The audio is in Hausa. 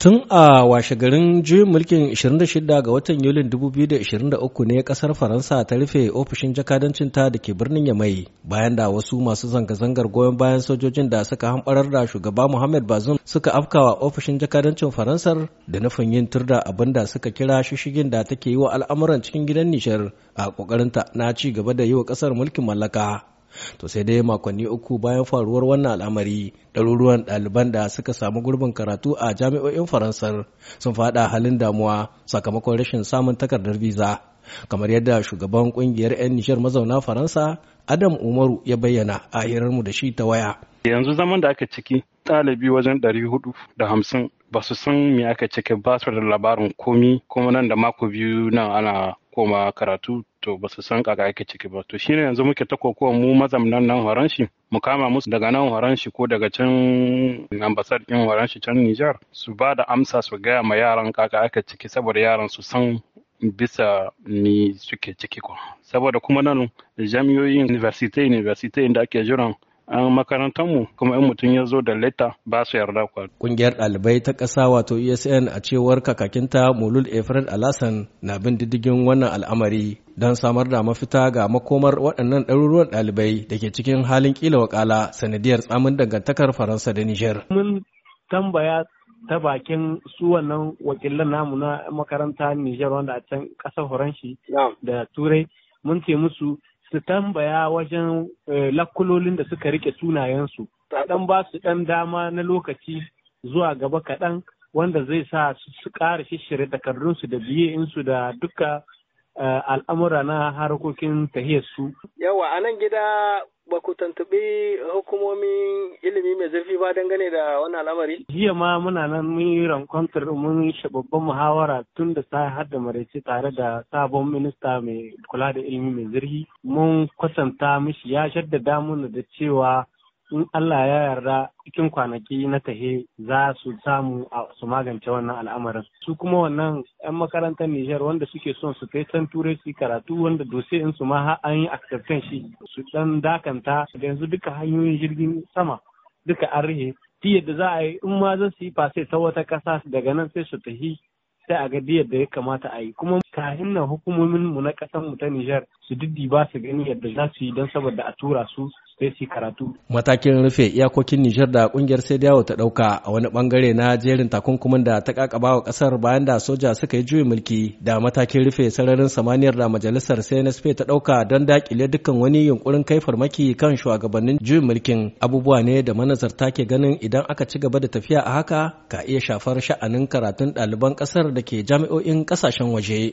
Tun a washegarin juyin mulkin 26 ga watan Yulin 2023 ne kasar Faransa ta rufe ofishin jakadancinta da ke birnin Yamai bayan da wasu masu zanga-zangar goyon bayan sojojin da suka hamɓarar da shugaba Muhammad Bazoum suka afkawa ofishin jakadancin Faransar da nufin yin turda abin da suka kira shishigin da take yi wa al'amuran cikin gidan Nishar a ƙoƙarinta na ci gaba da yi wa ƙasar mulkin mallaka. to sai dai makonni uku bayan faruwar wannan al'amari ɗaruruwan ɗaliban da suka samu gurbin karatu a jami'o'in faransar sun faɗa halin damuwa sakamakon rashin samun takardar biza kamar yadda shugaban kungiyar 'yan nishar mazauna faransa adam umaru ya bayyana a hirarmu da shi ta waya yanzu zaman da aka ciki ɗalibi wajen ɗari hudu da hamsin ba su san me aka cike ba su da labarin komi kuma nan da mako biyu nan ana koma karatu to ba su san kaka ake ciki ba to shine yanzu muke ta kokowa mu mazamnan nan Horanshi mu kama musu daga nan Horanshi ko daga can ambasar din Horanshi can Nijar su ba da amsa su gaya ma yaran kaka ake ciki saboda yaran su san bisa ni suke ciki ko saboda kuma nan jami'oyin university university da ake jiran an mu kuma in mutum ya zo da leta ba su yarda kwa. Kungiyar ɗalibai ta ƙasa wato ESN a cewar kakakinta Mulul Efred Alasan na bin diddigin wannan al'amari don samar da mafita ga makomar waɗannan ɗaruruwan ɗalibai da ke cikin halin ƙila wakala sanadiyar tsamin dangantakar Faransa da Nijar. Mun tambaya ta bakin su wannan wakilan namu na makaranta Nijar wanda a can ƙasar Faransa da Turai mun ce musu su tambaya wajen eh, lakulolin da suka rike sunayensu dan ba su dan dama na lokaci zuwa gaba kaɗan wanda zai sa su ƙara shishire takardunsu da biye insu da duka eh, al'amura na harkokin tahiyar su. Yawa a nan gida ba ku tantubi hukumomin ilimi mai zurfi ba dangane da wannan lamari Jiya ma muna nan mun yi rankwantar mun yi babban muhawara tun da sa har da maraice tare da sabon minista mai kula da ilimi mai zurfi mun kwatanta mishi ya shaddada mana da cewa in Allah ya yarda cikin kwanaki na tahe za su samu su magance wannan al'amarin su kuma wannan 'yan makarantar Nijar wanda suke son su kai can turai su karatu wanda dose in su ma har an yi aktarkan shi su dan dakanta yanzu duka hanyoyin jirgin sama duka an rihe diyar da za a yi in ma za su yi fase ta wata ƙasa daga nan sai su tahi sai a ga diyar da ya kamata a yi kuma kahin nan hukumomin mu na ƙasar mu ta Nijar su diddi ba su gani yadda za su yi don saboda a tura su sai su karatu. Matakin rufe iyakokin Nijar da kungiyar sai dawo ta ɗauka a wani bangare na jerin takunkumin da ta kakaba wa ƙasar bayan da soja suka yi juyin mulki da matakin rufe sararin samaniyar da majalisar CNSP ta ɗauka don dakile dukkan wani yunkurin kai farmaki kan shugabannin juyin mulkin abubuwa ne da manazarta ke ganin idan aka ci gaba da tafiya a haka ka iya shafar sha'anin karatun ɗaliban ƙasar da ke jami'o'in ƙasashen waje.